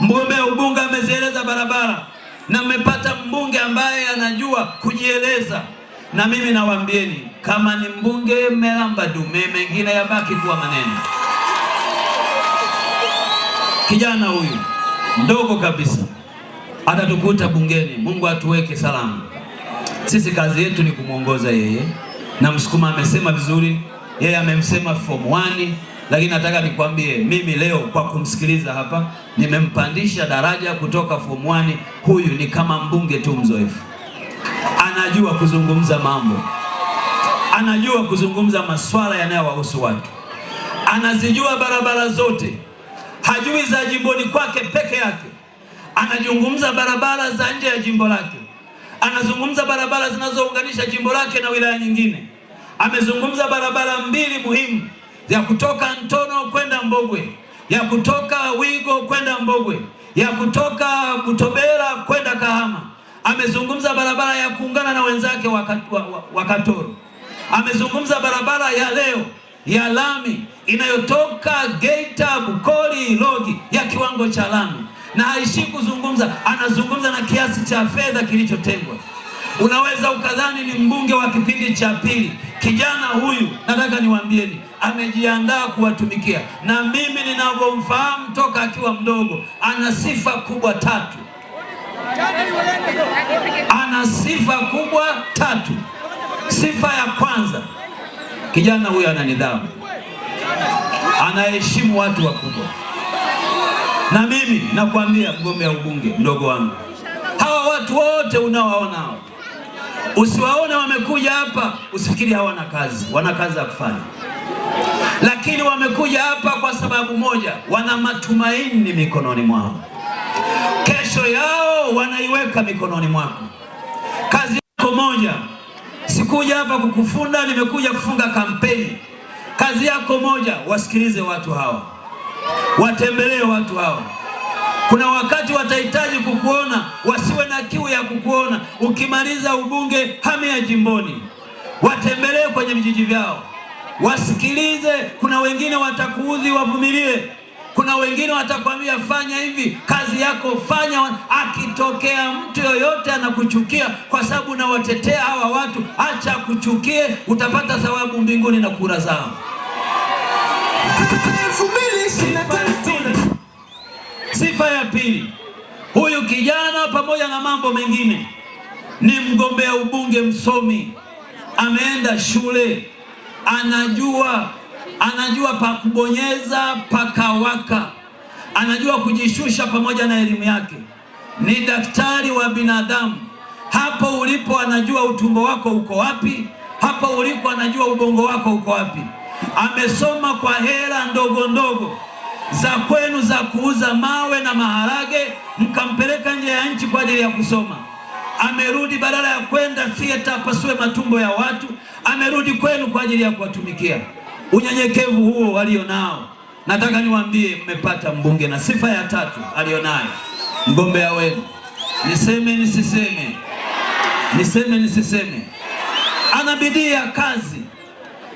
Mgombea ubunge amezieleza barabara na mmepata mbunge ambaye anajua kujieleza. Na mimi nawaambieni, kama ni mbunge mmelamba dume, mengine yabaki kuwa maneno. Kijana huyu mdogo kabisa atatukuta bungeni. Mungu atuweke salama. Sisi kazi yetu ni kumwongoza yeye, na Msukuma amesema vizuri, yeye amemsema form 1 lakini nataka nikwambie mimi leo kwa kumsikiliza hapa nimempandisha daraja kutoka form 1. Huyu ni kama mbunge tu mzoefu, anajua kuzungumza mambo, anajua kuzungumza masuala yanayowahusu watu, anazijua barabara zote, hajui za jimboni kwake peke yake, anazungumza barabara za nje ya jimbo lake, anazungumza barabara zinazounganisha jimbo lake na wilaya nyingine. Amezungumza barabara mbili muhimu ya kutoka Ntono kwenda Mbogwe, ya kutoka Wigo kwenda Mbogwe, ya kutoka Butobera kwenda Kahama. Amezungumza barabara ya kuungana na wenzake wa Katoro. Amezungumza barabara ya leo ya lami inayotoka Geita, Bukoli, Logi ya kiwango cha lami, na haishi kuzungumza, anazungumza na kiasi cha fedha kilichotengwa. Unaweza ukadhani ni mbunge wa kipindi cha pili. Kijana huyu nataka niwaambieni amejiandaa kuwatumikia, na mimi ninavyomfahamu toka akiwa mdogo, ana sifa kubwa tatu, ana sifa kubwa tatu. Sifa ya kwanza, kijana huyo ana nidhamu, anaheshimu watu wakubwa. Na mimi nakwambia, mgombea ubunge mdogo wangu, hawa watu wote unaowaona hao usiwaone wamekuja hapa, usifikiri hawana kazi. Wana kazi ya kufanya lakini wamekuja hapa kwa sababu moja, wana matumaini mikononi mwao, kesho yao wanaiweka mikononi mwako. Kazi yako moja, sikuja hapa kukufunda, nimekuja kufunga kampeni. Kazi yako moja, wasikilize watu hawa, watembelee watu hawa. Kuna wakati watahitaji kukuona, wasiwe na kiu ya kukuona. Ukimaliza ubunge, hamia jimboni, watembelee kwenye vijiji vyao wasikilize. Kuna wengine watakuudhi, wavumilie. Kuna wengine watakwambia fanya hivi, kazi yako fanya. Akitokea mtu yoyote anakuchukia kwa sababu unawatetea hawa watu, acha kuchukie, utapata thawabu mbinguni na kura zao. Sifa ya pili, huyu kijana pamoja na mambo mengine ni mgombea ubunge msomi, ameenda shule anajua, anajua pa kubonyeza pakawaka, anajua kujishusha pamoja na elimu yake. Ni daktari wa binadamu. Hapo ulipo anajua utumbo wako uko wapi, hapo ulipo anajua ubongo wako uko wapi. Amesoma kwa hela ndogo ndogo za kwenu za kuuza mawe na maharage, mkampeleka nje ya nchi kwa ajili ya kusoma. Amerudi, badala ya kwenda theater apasue matumbo ya watu amerudi kwenu kwa ajili ya kuwatumikia. Unyenyekevu huo walionao, nataka niwaambie, mmepata mbunge. Na sifa ya tatu alionayo mgombea wenu, niseme nisiseme, niseme nisiseme, ana bidii ya kazi,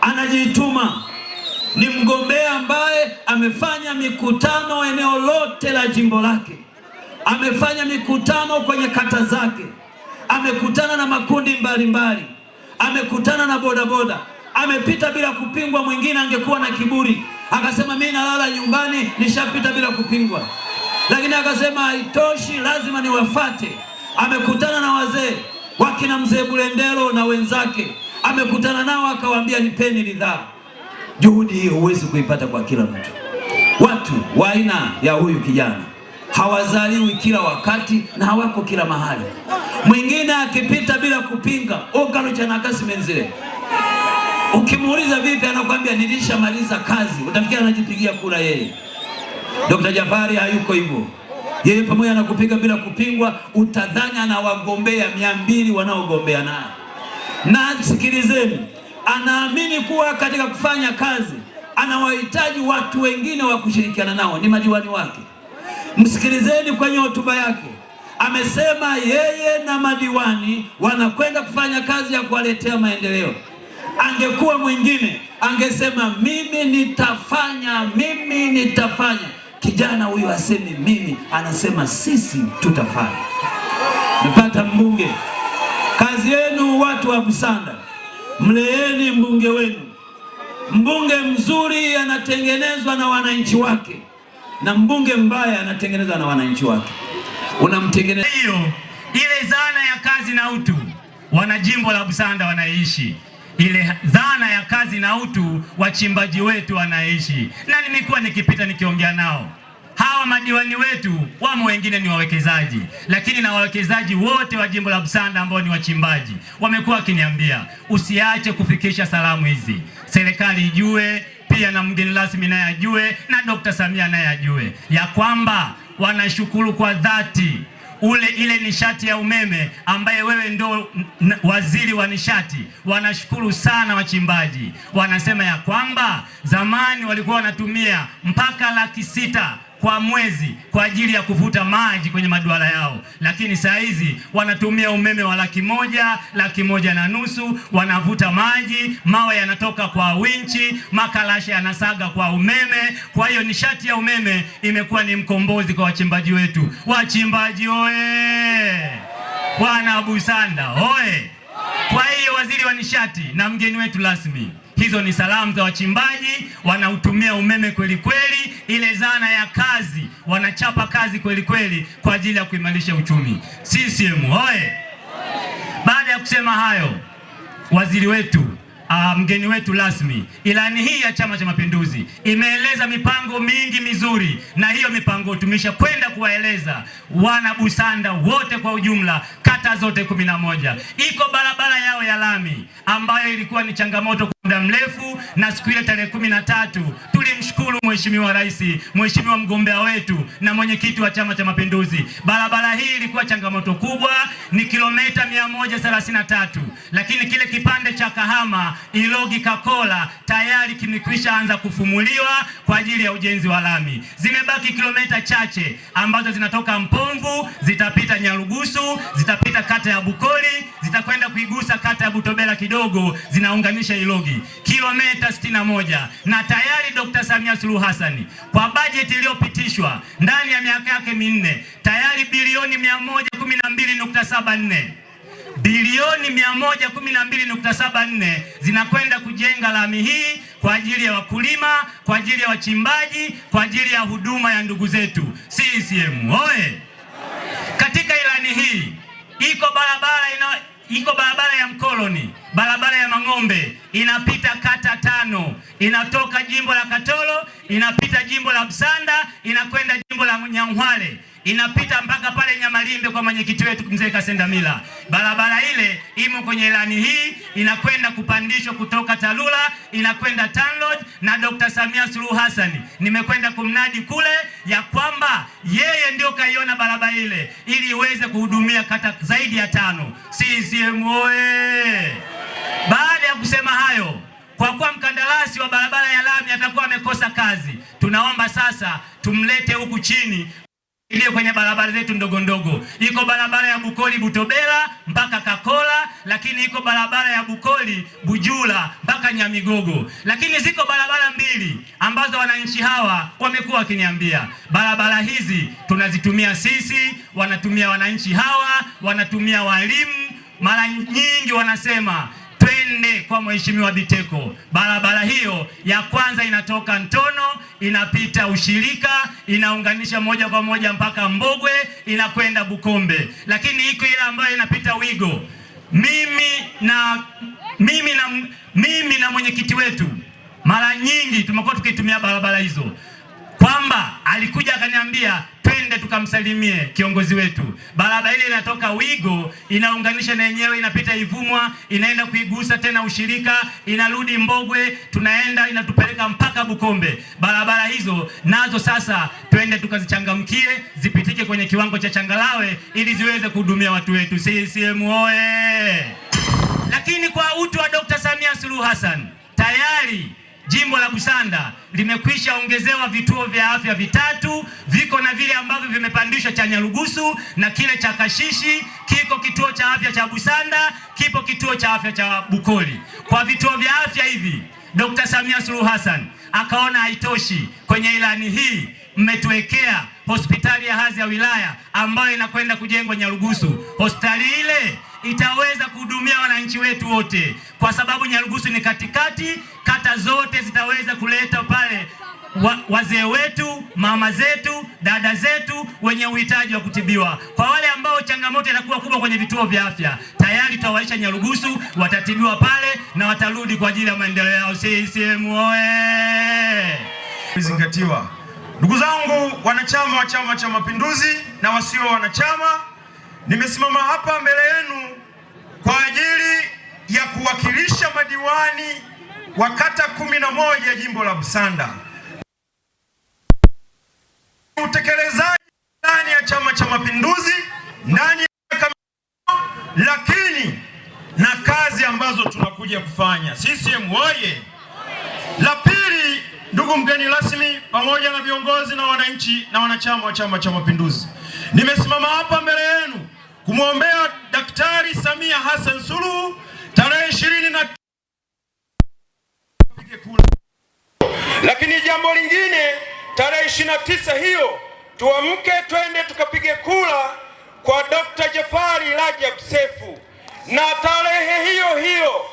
anajituma ni mgombea ambaye amefanya mikutano eneo lote la jimbo lake, amefanya mikutano kwenye kata zake, amekutana na makundi mbalimbali mbali amekutana na bodaboda, amepita bila kupingwa. Mwingine angekuwa na kiburi akasema mimi nalala nyumbani, nishapita bila kupingwa, lakini akasema haitoshi, lazima niwafate. Amekutana na wazee wakina mzee Bulendelo na wenzake, amekutana nao akawaambia, nipeni ridhaa. Juhudi hiyo huwezi kuipata kwa kila mtu. Watu wa aina ya huyu kijana hawazaliwi kila wakati na hawako kila mahali. Mwingine Mwingine akipita bila kupinga ogalo cha nakasi menzile, ukimuuliza vipi, anakuambia nilishamaliza kazi, Utafikia anajipigia kura yeye. Dr. Jafari hayuko hivyo yeye, pamoja na kupiga bila kupingwa, utadhani na wagombea mia mbili wanaogombea naye. Na sikilizeni, anaamini kuwa katika kufanya kazi anawahitaji watu wengine wa kushirikiana nao, ni madiwani wake. Msikilizeni kwenye hotuba yake amesema yeye na madiwani wanakwenda kufanya kazi ya kuwaletea maendeleo. Angekuwa mwingine angesema mimi nitafanya, mimi nitafanya. Kijana huyu asemi mimi, anasema sisi tutafanya. Mpata mbunge, kazi yenu watu wa Busanda, mleeni mbunge wenu. Mbunge mzuri anatengenezwa na wananchi wake, na mbunge mbaya anatengenezwa na wananchi wake unamtengeneza. Hiyo ile dhana ya kazi na utu, wana jimbo la Busanda wanaishi ile dhana ya kazi na utu, wachimbaji wetu wanaishi, na nimekuwa nikipita nikiongea nao hawa madiwani wetu wamo, wengine ni wawekezaji, lakini na wawekezaji wote wa jimbo la Busanda ambao ni wachimbaji wamekuwa wakiniambia usiache kufikisha salamu hizi, serikali ijue, pia na mgeni rasmi naye ajue, na Dr. Samia naye ajue ya kwamba wanashukuru kwa dhati ule ile nishati ya umeme ambaye wewe ndo waziri wa nishati, wanashukuru sana wachimbaji. Wanasema ya kwamba zamani walikuwa wanatumia mpaka laki sita kwa mwezi kwa ajili ya kuvuta maji kwenye maduara yao, lakini saa hizi wanatumia umeme wa laki moja laki moja na nusu, wanavuta maji, mawe yanatoka kwa winchi, makalasha yanasaga kwa umeme. Kwa hiyo nishati ya umeme imekuwa ni mkombozi kwa wachimbaji wetu. Wachimbaji oye! Bwana Busanda oye! waziri wa nishati na mgeni wetu rasmi. Hizo ni salamu za wachimbaji, wanautumia umeme kweli kweli, ile zana ya kazi, wanachapa kazi kweli kweli kwa ajili ya kuimarisha uchumi. CCM oye! Baada ya kusema hayo, waziri wetu Uh, mgeni wetu rasmi, ilani hii ya Chama cha Mapinduzi imeeleza mipango mingi mizuri, na hiyo mipango kwenda kuwaeleza wana Busanda wote kwa ujumla, kata zote kumi na moja. Iko barabara yao ya lami ambayo ilikuwa ni changamoto muda mrefu na siku ile tarehe kumi na tatu tulimshukuru Mheshimiwa Rais, Mheshimiwa mgombea wetu na mwenyekiti wa Chama cha Mapinduzi. Barabara hii ilikuwa changamoto kubwa, ni kilomita mia moja thelathini na tatu, lakini kile kipande cha Kahama Ilogi Kakola tayari kimekwisha anza kufumuliwa kwa ajili ya ujenzi wa lami. Zimebaki kilomita chache ambazo zinatoka Mpomvu zitapita Nyarugusu, zitapita kata ya Bukoli, zitakwenda kuigusa kata ya Butobela kidogo, zinaunganisha Ilogi. Mjini kilomita 61 na tayari Dr. Samia Suluhu Hassan kwa bajeti iliyopitishwa ndani ya miaka yake minne tayari bilioni 112.74 bilioni 112.74 zinakwenda kujenga lami hii kwa ajili ya wakulima, kwa ajili ya wachimbaji, kwa ajili ya huduma ya ndugu zetu. CCM oye! Katika ilani hii iko barabara ina iko barabara ya mkoloni, barabara ya Mang'ombe, inapita kata tano, inatoka jimbo la Katoro, inapita jimbo la Msanda, inakwenda jimbo la Nyang'hwale inapita mpaka pale Nyamalimbe kwa mwenyekiti wetu mzee Kasendamila. Barabara ile imo kwenye ilani hii, inakwenda kupandishwa kutoka Talula inakwenda Tanlod, na Dr. Samia Suluhu Hassan. Nimekwenda kumnadi kule ya kwamba yeye ndio kaiona barabara ile ili iweze kuhudumia kata zaidi ya tano. CCM oye! Baada ya kusema hayo kwa kuwa mkandarasi wa barabara ya lami atakuwa amekosa kazi, tunaomba sasa tumlete huku chini ile kwenye barabara zetu ndogo ndogo, iko barabara ya Bukoli Butobela mpaka Kakola, lakini iko barabara ya Bukoli Bujula mpaka Nyamigogo. Lakini ziko barabara mbili ambazo wananchi hawa wamekuwa wakiniambia, barabara hizi tunazitumia sisi, wanatumia wananchi hawa, wanatumia walimu, mara nyingi wanasema twende kwa Mheshimiwa Biteko. Barabara hiyo ya kwanza inatoka Ntono inapita ushirika, inaunganisha moja kwa moja mpaka Mbogwe, inakwenda Bukombe. Lakini iko ile ambayo inapita Wigo, mimi na mimi na mimi na mwenyekiti wetu mara nyingi tumekuwa tukitumia barabara hizo kwamba alikuja akaniambia twende tukamsalimie kiongozi wetu. Barabara ile inatoka Wigo inaunganisha na yenyewe inapita Ivumwa inaenda kuigusa tena Ushirika inarudi Mbogwe tunaenda inatupeleka mpaka Bukombe. Barabara hizo nazo sasa twende tukazichangamkie zipitike kwenye kiwango cha changalawe ili ziweze kuhudumia watu wetu. CCM oye! Lakini kwa utu wa Dr. Samia Suluhu Hassan tayari jimbo la Busanda limekwisha ongezewa vituo vya afya vitatu, viko na vile ambavyo vimepandishwa cha Nyarugusu na kile cha Kashishi, kiko kituo cha afya cha Busanda, kipo kituo cha afya cha Bukoli. Kwa vituo vya afya hivi Dr. Samia Suluhu Hassan akaona haitoshi, kwenye ilani hii mmetuwekea hospitali ya hadhi ya wilaya ambayo inakwenda kujengwa Nyarugusu. Hospitali ile itaweza kuhudumia wananchi wetu wote, kwa sababu Nyarugusu ni katikati, kata zote zitaweza kuleta pale wa, wazee wetu, mama zetu, dada zetu wenye uhitaji wa kutibiwa. Kwa wale ambao changamoto inakuwa kubwa kwenye vituo vya afya, tayari tutawaisha Nyarugusu, watatibiwa pale na watarudi kwa ajili ya maendeleo yao. CCM oye! Zingatiwa ndugu zangu, wanachama wa Chama cha Mapinduzi na wasio wanachama, nimesimama hapa mbele yenu kwa ajili ya kuwakilisha madiwani wa kata kumi na moja jimbo la Busanda. Utekelezaji ndani ya Chama cha Mapinduzi ndani ya lakini na kazi ambazo tunakuja kufanya CCM oye! La pili, ndugu mgeni rasmi, pamoja na viongozi na wananchi na wanachama wa Chama cha Mapinduzi, nimesimama hapa mbele yenu kumwombea Daktari Samia Hassan Suluhu tarehe ishirini na lakini jambo lingine tarehe ishirini na tisa hiyo tuamke twende tukapige kura kwa Dr. Jafari Rajab Sefu, na tarehe hiyo hiyo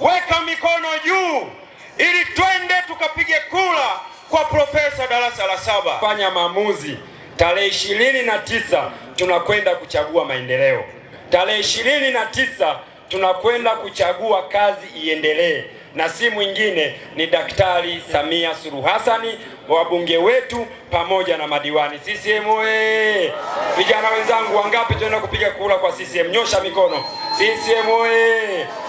weka mikono juu ili twende tukapige kura kwa profesa darasa la saba. Fanya maamuzi tarehe ishirini na tisa tunakwenda kuchagua maendeleo. Tarehe ishirini na tisa tunakwenda kuchagua kazi iendelee, na si mwingine ni Daktari Samia Suluhu Hassani, wabunge wetu pamoja na madiwani. CCM Vijana wenzangu, wangapi tunaenda kupiga kura kwa CCM? Nyosha mikono. CCM